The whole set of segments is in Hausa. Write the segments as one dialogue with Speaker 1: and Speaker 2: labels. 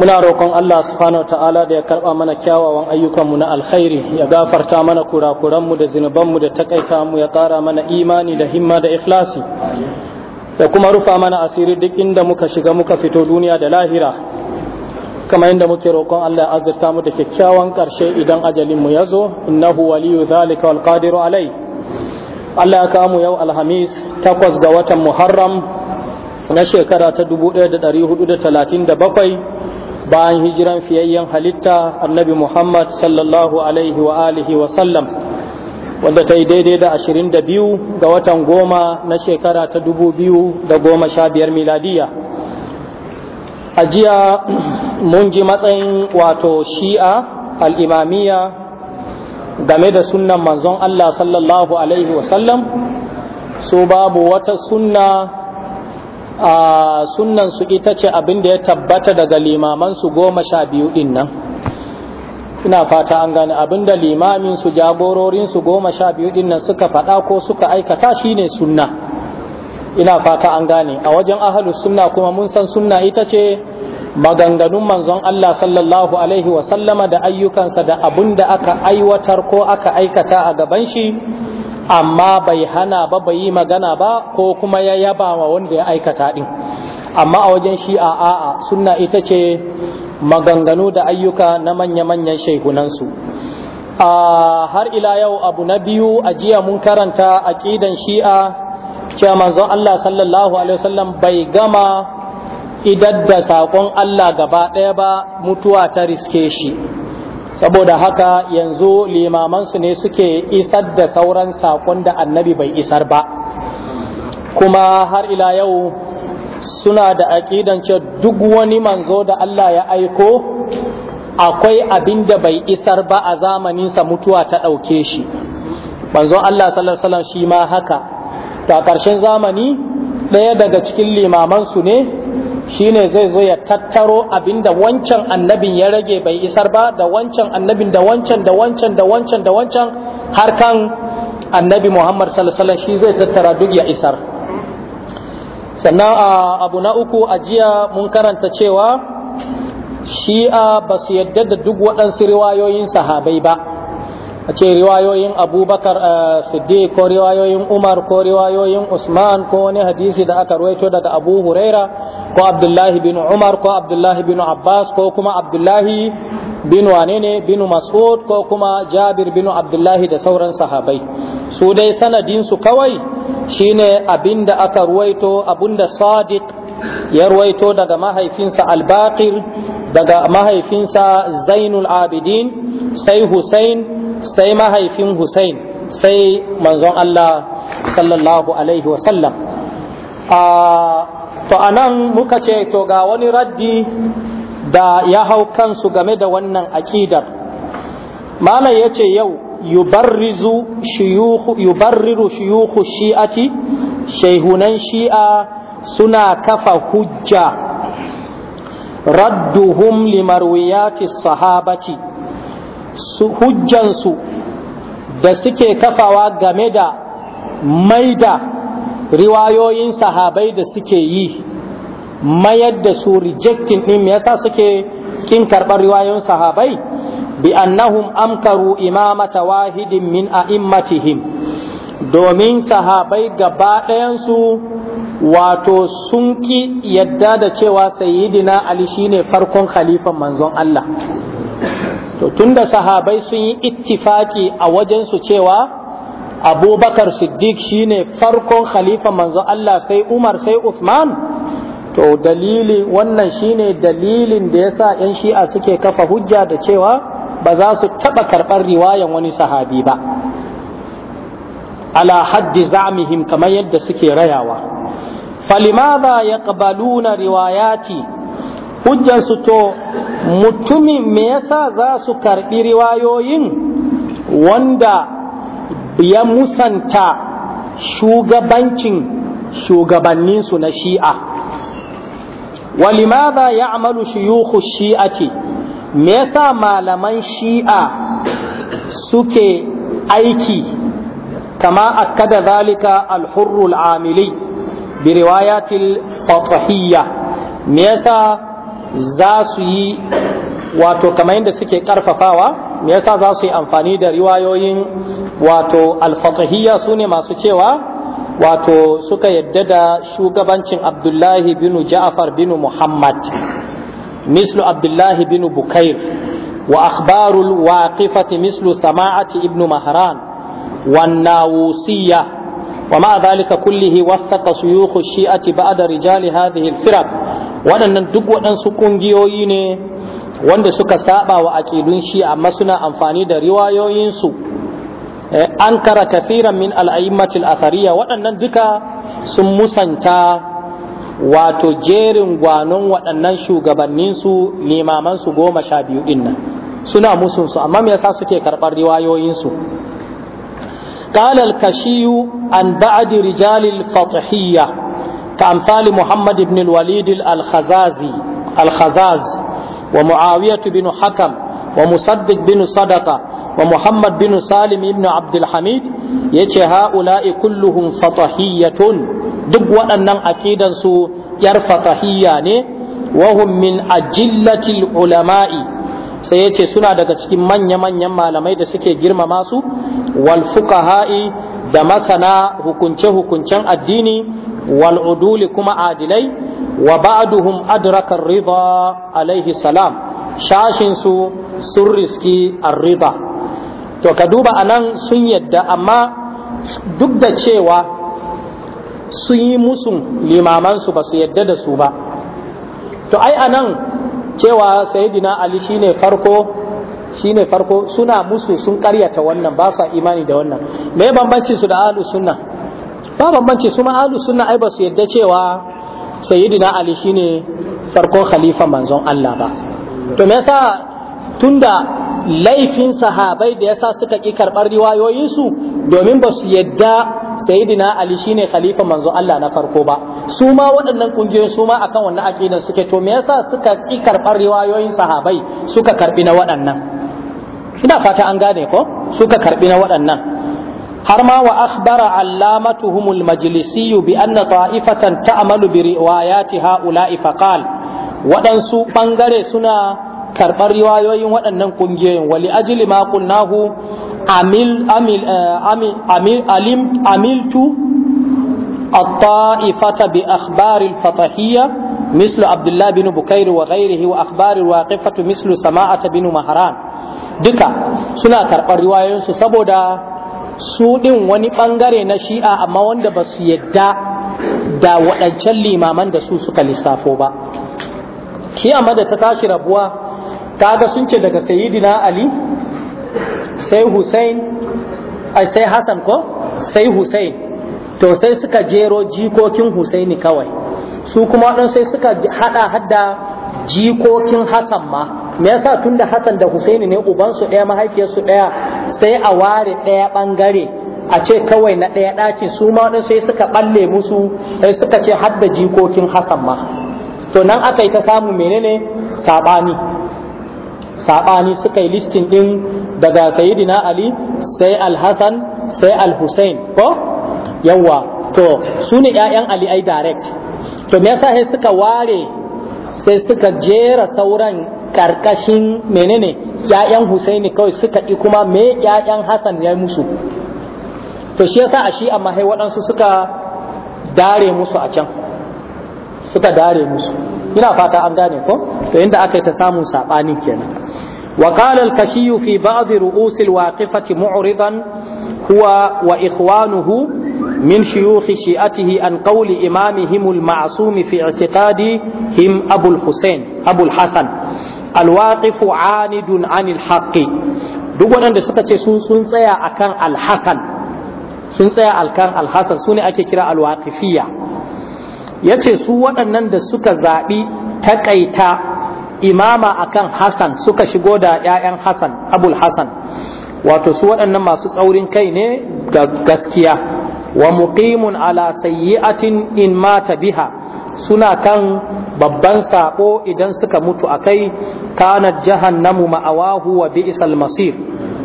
Speaker 1: muna roƙon Allah subhanahu ta'ala da ya karɓa mana kyawawan ayyukanmu na alkhairi ya gafarta mana kurakuranmu da zinubanmu da takaita mu ya ƙara mana imani da himma da ikhlasi da kuma rufa mana asiri duk inda muka shiga muka fito duniya da lahira kama inda muke roƙon Allah ya azurta mu da kyakkyawan ƙarshe idan ajalinmu ya zo innahu waliyu zalika wal qadiru alai Allah ya kawo mu yau alhamis takwas ga watan Muharram na shekara ta 1437 bayan hijiran fiyayyen halitta annabi Muhammad sallallahu alaihi wa alihi wa sallam wanda ta yi daidai da 22 ga watan goma na shekara ta 2015 miladiya a jiya mun ji matsayin wato shi'a al'imamiya game da sunnan manzon Allah sallallahu alaihi wa sallam su babu wata sunna a sunnan su ita ce abin da ya tabbata daga limaman su goma sha biyu din ina fata an gane abin da limamin su jagororin su goma sha biyu din suka faɗa ko suka aikata shine sunna ina fata an gane a wajen ahalus sunna kuma mun san sunna ita ce maganganun manzon Allah sallallahu alaihi wa sallama da ayyukansa da abin da aka aiwatar ko aka aikata a gaban shi amma bai hana ba bai yi magana ba ko kuma ya yaba wa wanda ya aikata din amma a wajen shi a a'a sunna ita ce maganganu da ayyuka na manya-manyan shaigunansu har ila yau abu na biyu a jiya mun karanta a kidan shi'a cewa manzon Allah sallallahu alaihi wasallam bai gama idadda saƙon Allah gaba ɗaya ba mutuwa ta riske shi saboda haka yanzu limamansu ne suke isar da sauran sakon da annabi bai isar ba kuma har ila yau suna da aƙidance duk wani manzo da Allah ya aiko akwai abin da bai isar ba a zamaninsa mutuwa ta ɗauke shi manzo Allah sallallahu shi ma haka to a ƙarshen zamani ɗaya daga cikin limamansu ne shine zai zo ya tattaro abinda wancan annabin ya rage bai isar ba da wancan annabin da wancan da wancan da wancan da wancan har kan annabi Muhammad sallallahu alaihi shi zai tattara duk ya isar sannan abu na uku a jiya mun karanta cewa shi'a ba su yadda da duk waɗansu riwayoyin sahabai ba a ce riwayoyin abubakar eh, siddiq ko riwayoyin umar ko riwayoyin usman ko wani hadisi da aka ruwaito daga abu huraira ko abdullahi bin umar ko abdullahi bin abbas ko kuma abdullahi bin wane ne bin mas'ud ko kuma jabir bin abdullahi da sauran sahabai su dai sanadin su kawai shine abinda aka ruwaito abinda sadiq ya ruwaito daga mahaifinsa albaqir daga mahaifinsa zainul abidin sai husain sai mahaifin Hussein sai manzon Allah sallallahu alaihi wasallam to a nan muka ce to ga wani raddi da ya hau kansu game da wannan aƙidar malam ya ce yau yubarriru shiyuhu shi'ati shaihunan shi'a suna kafa hujja radduhum limarwiyati sahabati su hujjansu da suke kafawa game da maida riwayoyin sahabai da suke yi mayar da su rejecting din me yasa suke kin karɓar riwayoyin sahabai bi annahum amkaru imamata wahidin min a'immatihim domin sahabai gaba ɗayansu wato sun ki yadda da cewa sayyidina ali shine farkon khalifan manzon Allah to tunda sahabai sun yi ittifaki a wajen su cewa abubakar siddiq shine farkon khalifa manzo Allah sai umar sai uthman to dalili wannan shine dalilin da yasa yan shi'a suke kafa hujja da cewa ba za su taba karɓar riwayan wani sahabi ba ala haddi za'mihim kamar yadda suke rayawa falimada yaqbaluna riwayati hujjansu to mutumi me yasa za su karɓi riwayoyin wanda ya musanta shugabancin shugabanninsu na shi'a walimada ya amalu shiyuhu shi'ati me yasa malaman shi'a suke aiki kama akkada zalika alhurrul amili bi riwayatil fatahiyya me yasa za su yi wato kamar yadda suke karfafawa me yasa za su yi amfani da riwayoyin wato alfatahiyya su ne masu cewa wato suka yadda da shugabancin abdullahi bin Jafar bin muhammad mislu abdullahi binu bukair wa akhbarul waqifati mislu sama'ati ibnu mahran wan nawusiyya ومع ذلك كله وثق shi'ati الشيعة rijali رجال هذه الفرق waɗannan duk waɗansu ƙungiyoyi ne wanda suka saba wa aƙidun shi amma suna amfani da riwayoyinsu eh, an kara kafiran min a fariya waɗannan duka sun musanta wato jerin gwanon waɗannan shugabanninsu limamansu goma sha biyu ɗin nan suna musunsu amma me yasa suke karɓar riwayoyinsu قال Kashiyu عن بعد رجال الفطحيه كأمثال محمد بن الوليد الخزازي الخزاز ومعاوية بن حكم ومصدق بن صدقة ومحمد بن سالم بن عبد الحميد يتي هؤلاء كلهم فطهية دق وأنن أكيدا سو ير فطهية وهم من أجلة العلماء sai ya ce suna daga cikin manya-manyan malamai da suke girmama su wal fuqaha'i da masana hukunce-hukuncen addini wal kuma adilai wa ba'duhum adraka ar-ridha alaihi salam shashin su sun riski ar to ka duba anan sun yadda amma duk da cewa sun yi musun limamansu ba su yadda da su ba to ai anan cewa sayidina ali shine farko shine farko suna musu sun karyata wannan ba sa imani da wannan me bambanci su da ahlus sunna ba bambanci su ma ahlus sunna ai ba su yadda cewa sayyidina ali shine farkon khalifa manzon Allah ba to me yasa tunda laifin sahabai da yasa suka ki karbar riwayoyin su domin ba su yadda sayyidina ali shine khalifa manzon Allah na farko ba su ma waɗannan kungiyoyin su ma akan wannan aqidan suke to me yasa suka ki karbar riwayoyin sahabai suka karbi na waɗannan ina fata an gane ko suka karbi na waɗannan har ma wa akhbara allamatuhumul majlisiyu bi anna ta'ifatan ta'malu bi riwayati haula'i faqal waɗansu ɓangare suna karɓar riwayoyin waɗannan ƙungiyoyin wali ajili ma qulnahu amil amil eh, amil alim amiltu الطائفة بأخبار الفطحية مثل عبد الله بن بكير وغيره وأخبار الواقفة مثل سماعة بن مهران duka suna karɓar riwayoyinsu saboda su ɗin wani ɓangare na shi'a amma wanda ba su yadda da waɗancan limaman da su suka lissafo ba kiyama da ta tashi rabuwa kaga sun ce daga sayidina ali sai hussein sai hassan ko sai hussein to sai suka jero jikokin husaini kawai su kuma waɗansu sai suka haɗa hadda jikokin hassan ma me yasa tunda Hassan da Husaini ne uban ubansu ɗaya mahaifiyarsu ɗaya sai a ware ɗaya bangare a ce kawai na ɗaya ɗaci su ma ɗin sai suka ɓalle musu sai suka ce har da jikokin Hassan ma to nan aka ta samu menene saɓani saɓani suka yi listin ɗin daga Sayyidina Ali sai Al-Hassan sai Al-Husain ko yawa to su ne ‘ya'yan Ali ai direct to me yasa sai suka ware sai suka jera sauran karkashin menene ‘ya'yan Husaini kawai suka ɗi kuma me ‘ya'yan Hassan ya musu to shi yasa a shi amma hai waɗansu suka dare musu a can suka dare musu ina fata an gane ko to inda aka yi ta samun saɓanin kenan وقال الكشي في بعض رؤوس الواقفة معرضا هو وإخوانه من شيوخ شيعته عن قول إمامهم المعصوم في اعتقادهم أبو الحسين أبو الحسن alwaqifu anidun anil haqqi duk waɗanda suka ce sun sun tsaya akan alhasan sun tsaya alkan alhasan su ne ake kira ya yace su waɗannan da suka zaɓi takaita imama akan Hassan suka shigo da yayan Hassan abul hasan wato su waɗannan masu tsaurin kai ne ga gaskiya wa muqimun ala sayyi'atin in mata biha suna kan babban sako idan suka mutu akai kana jahannamu ma'awahu wa bi'sal masir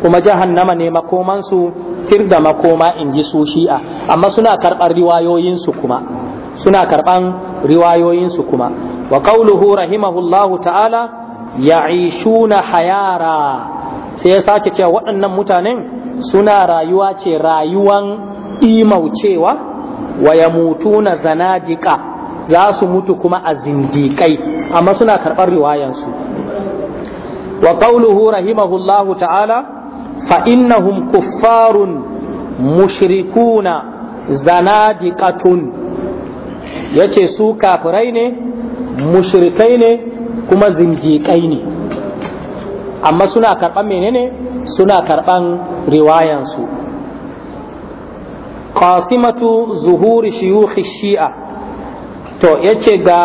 Speaker 1: kuma jahannama ne makomansu tir da makoma in ji su shi'a amma suna karɓar riwayoyinsu kuma suna karɓan riwayoyinsu kuma wa qauluhu rahimahullahu ta'ala ya'ishuna hayara sai ya sake cewa waɗannan mutanen suna rayuwa ce rayuwan imaucewa wa yamutuna zanadiqa za su mutu kuma a zindiƙai amma suna karɓar riwayansu wa qauluhu rahimahullahu ta'ala fa innahum kuffarun mushrikuna zanadiqatun yace su kafirai ne mushrikai ne kuma zindiƙai ne amma suna karɓan menene suna karɓan riwayansu Kasimatu zuhuri shiyukhi shi'a to yace ga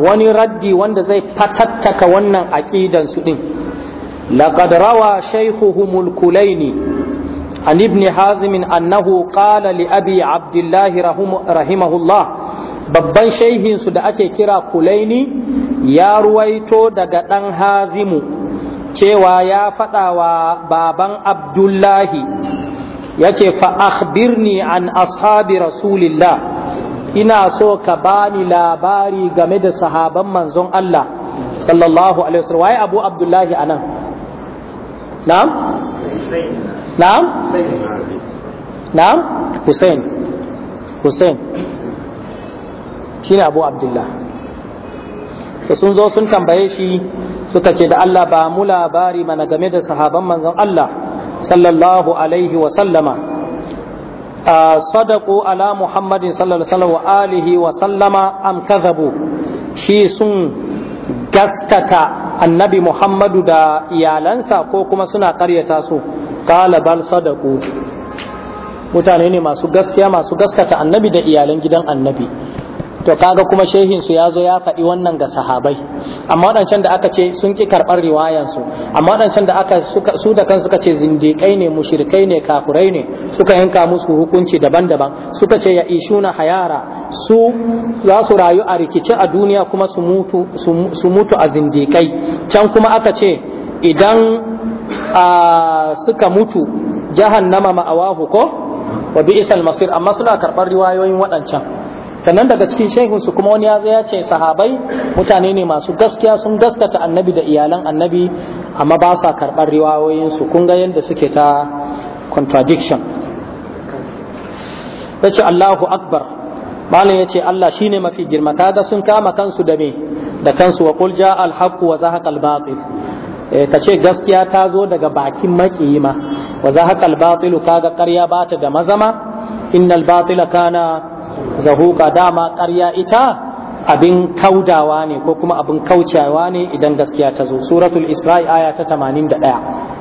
Speaker 1: wani raddi wanda zai fatattaka wannan aqidan su din laqad rawa shaykhuhum al-kulaini an ibn hazim annahu qala li abi abdullah rahimahullah babban shaihin su da ake kira kulaini ya ruwaito daga dan hazimu cewa ya faɗawa wa baban abdullahi yace fa akhbirni an ashabi rasulillah ina so ka bani labari game da sahaban manzon Allah sallallahu alaihi wasallam waye Abu Abdullahi anan na'am na'am na'am Hussein Hussein shine Abu Abdullah to sun zo sun tambaye shi suka ce da Allah ba mu labari mana game da sahaban manzon Allah sallallahu alaihi wasallama sadaku ala muhammadin sallallahu alaihi wa alihi wa sallama am kadhabu shi sun gaskata annabi muhammadu da iyalansa ko kuma suna karyata su qala bal sadaku mutane ne masu gaskiya masu gaskata annabi da iyalan gidan annabi to kaga kuma shehin su yazo ya faɗi wannan ga sahabai amma waɗancan da aka ce sun ki karɓar riwayansu amma waɗancan da aka su da kan suka ce zindiƙai ne mushrikai ne kafurai ne suka yanka musu hukunci daban-daban suka ce ya ishuna hayara su za su rayu a rikice a duniya kuma su mutu su mutu a zindiƙai can kuma aka ce idan suka mutu jahannama ma'awahu ko wa bi'sal masir amma suna karɓar riwayoyin waɗancan sannan daga cikin shehunsu kuma wani ya zo ya ce sahabai mutane ne masu gaskiya sun gaskata annabi da iyalan annabi amma ba sa karɓar riwayoyinsu kun ga yadda suke ta contradiction yace allahu akbar malam ya ce allah shine mafi girma ga sun kama kansu da me da kansu wa qul ja al haqq wa al batil eh, ce gaskiya ta zo daga bakin makiyima ma wa zahaqa al batil kaga ƙarya ba ta da mazama innal batila kana zahuka dama ƙarya ita abin kaudawa ne ko kuma abin kaucewa ne idan gaskiya ta zo suratul isra'i aya ta 81